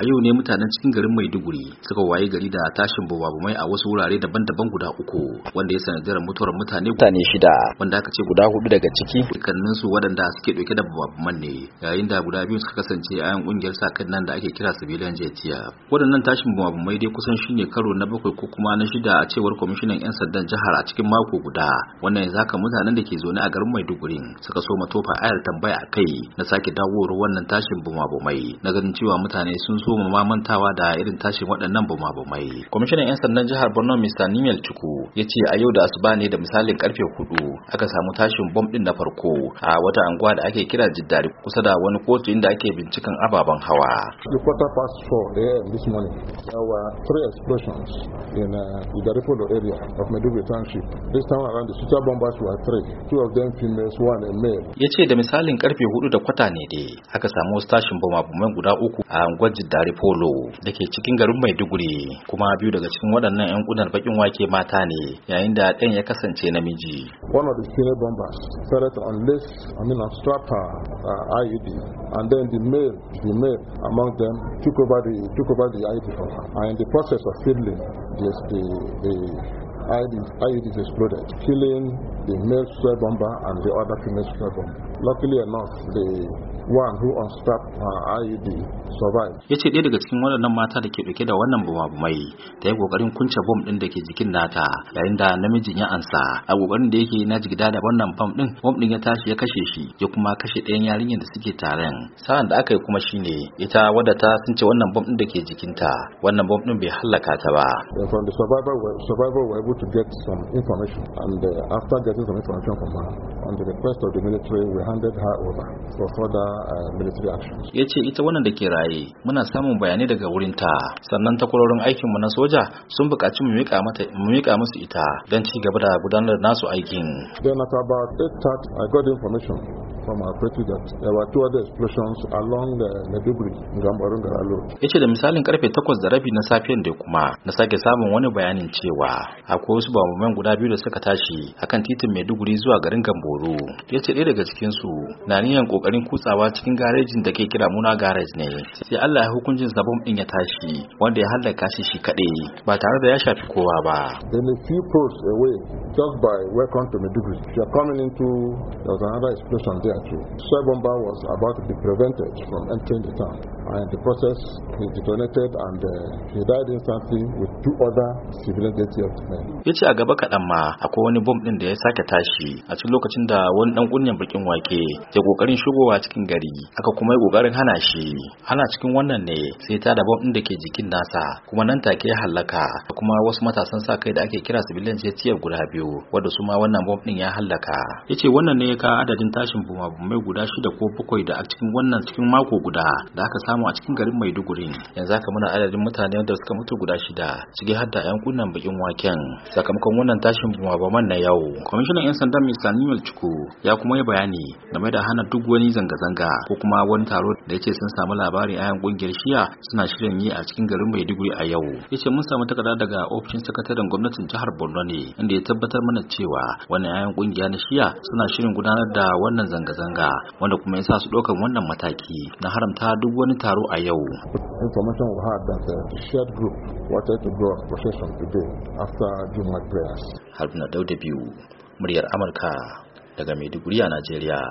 a yau ne mutanen cikin garin maiduguri suka waye gari da tashin bumabumai a wasu wurare daban-daban guda uku wanda ya da mutuwar mutane mutane shida wanda aka ce guda hudu daga ciki dukkanin su waɗanda suke dauke da bumabuman ne yayin da guda biyu suka kasance a yan kungiyar sa kan nan da ake kira civilian jetiya Wadannan tashin bumabumai dai kusan shine karo na bakwai ko kuma na shida a cewar kwamishinan yan sandan jihar a cikin mako guda wannan yanzu haka mutanen da ke zaune a garin maiduguri suka so matofa ayar tambaya kai na sake dawowar wannan tashin bumabumai na ganin cewa mutane sun so so mu ma mantawa da irin tashin waɗannan bama-bamai, kwamishinan 'yan sandan jihar borno mr nimel chuku ya ce a yau da asuba ne da misalin karfe hudu aka samu tashin bom din na farko a wata anguwa da ake kira jiddari kusa da wani kotu inda ake binciken ababen hawa uh, ya ce da misalin karfe hudu da kwata ne dai aka samu wasu tashin bama-bamai guda uku a anguwar Dare Polo da ke cikin garin Maiduguri kuma biyu daga cikin waɗannan 'yan bakin wake mata ne yayin da ya kasance namiji. One of the female bombers started to unless uh, I mean, strap her uh, IED and then the male, the male among them took over the, took over the IED from her. And in the process of fiddling, just the, the IED, IED is exploded, killing the male bomber and the other female bomber. Luckily enough, the one who unstrapped her survived. Ya ce ɗaya daga cikin waɗannan mata da ke ɗauke da wannan bumabumai ta yi ƙoƙarin kunce bom ɗin da ke jikin nata yayin da namijin ya ansa a ƙoƙarin da yake na jigida da wannan bom ɗin bom ɗin ya tashi ya kashe shi ya kuma kashe ɗayan yarinyar da suke taron. Sa'an da aka yi kuma shine ita wadda ta sun ce wannan bom ɗin da ke jikinta wannan bom ɗin bai hallaka ta ba. From the survivor were, survivor were able to get some information and uh, after getting some information from her on the request of the military we handed her over for further military actions ya ce ita wannan da ke raye muna samun bayanai daga wurin ta sannan takwarorin aikinmu na soja sun buƙaci mu miƙa musu ita don ci gaba da gudanar da nasu aikin then at about 8:30 i got information from our pretty that there were two other explosions along the in Gambarun Garalo. Ya ce da misalin karfe 8 da rabi na safiyan da kuma na sake samun wani bayanin cewa akwai wasu bamaman guda biyu da suka tashi akan titin Maiduguri zuwa garin Gamboro. Ya ce ɗaya daga cikinsu na niyan kokarin kutsa watsawa cikin garejin da ke kira muna garage ne sai Allah ya hukuncin sabon din ya tashi wanda ya hallaka shi shi kadai ba tare da ya shafi kowa ba. the a away just by welcome to Meduguri. You are coming into, there was another explosion there too. Soil bomber was about to be prevented from entering the town. And the process, he detonated and uh, he died instantly with two other civilian the men. Ya a gaba kaɗan ma akwai wani bom ɗin da ya sake tashi a cikin lokacin da wani ɗan kunyan bakin wake ya ƙoƙarin shigowa cikin gari aka kuma yi ƙoƙarin hana shi. Hana cikin wannan ne sai ta da bom ɗin da ke jikin nasa kuma nan take ya hallaka kuma wasu matasan sa kai da ake kira civilian JTF guda biyu. wadda su ma wannan bomb din ya hallaka yace wannan ne ya ka adadin tashin bumabumai guda shida ko bakwai da a cikin wannan cikin mako guda da aka samu a cikin garin Maiduguri yanzu haka muna adadin mutane da suka mutu guda shida ciki har da yan kunnan bakin waken sakamakon wannan tashin boma na yau kwamishinan yan sanda Mr. Samuel Chuku ya kuma yi bayani game da hana duk wani zanga-zanga ko kuma wani taro da ya ce sun samu labarin ayan kungiyar shiya suna shirin yi a cikin garin Maiduguri a yau yace mun samu takarda daga ofishin sakataren gwamnatin jihar Borno ne inda ya tabbata tabbatar mana cewa wani yayan kungiya na shiya suna shirin gudanar da wannan zanga-zanga wanda kuma ya sa su ɗaukar wannan mataki na haramta duk wani taro a yau. Information we had that uh, the shared group wanted to go on procession today after Jumat prayers. Haruna Dauda biyu, muryar Amurka daga Maiduguri a Najeriya.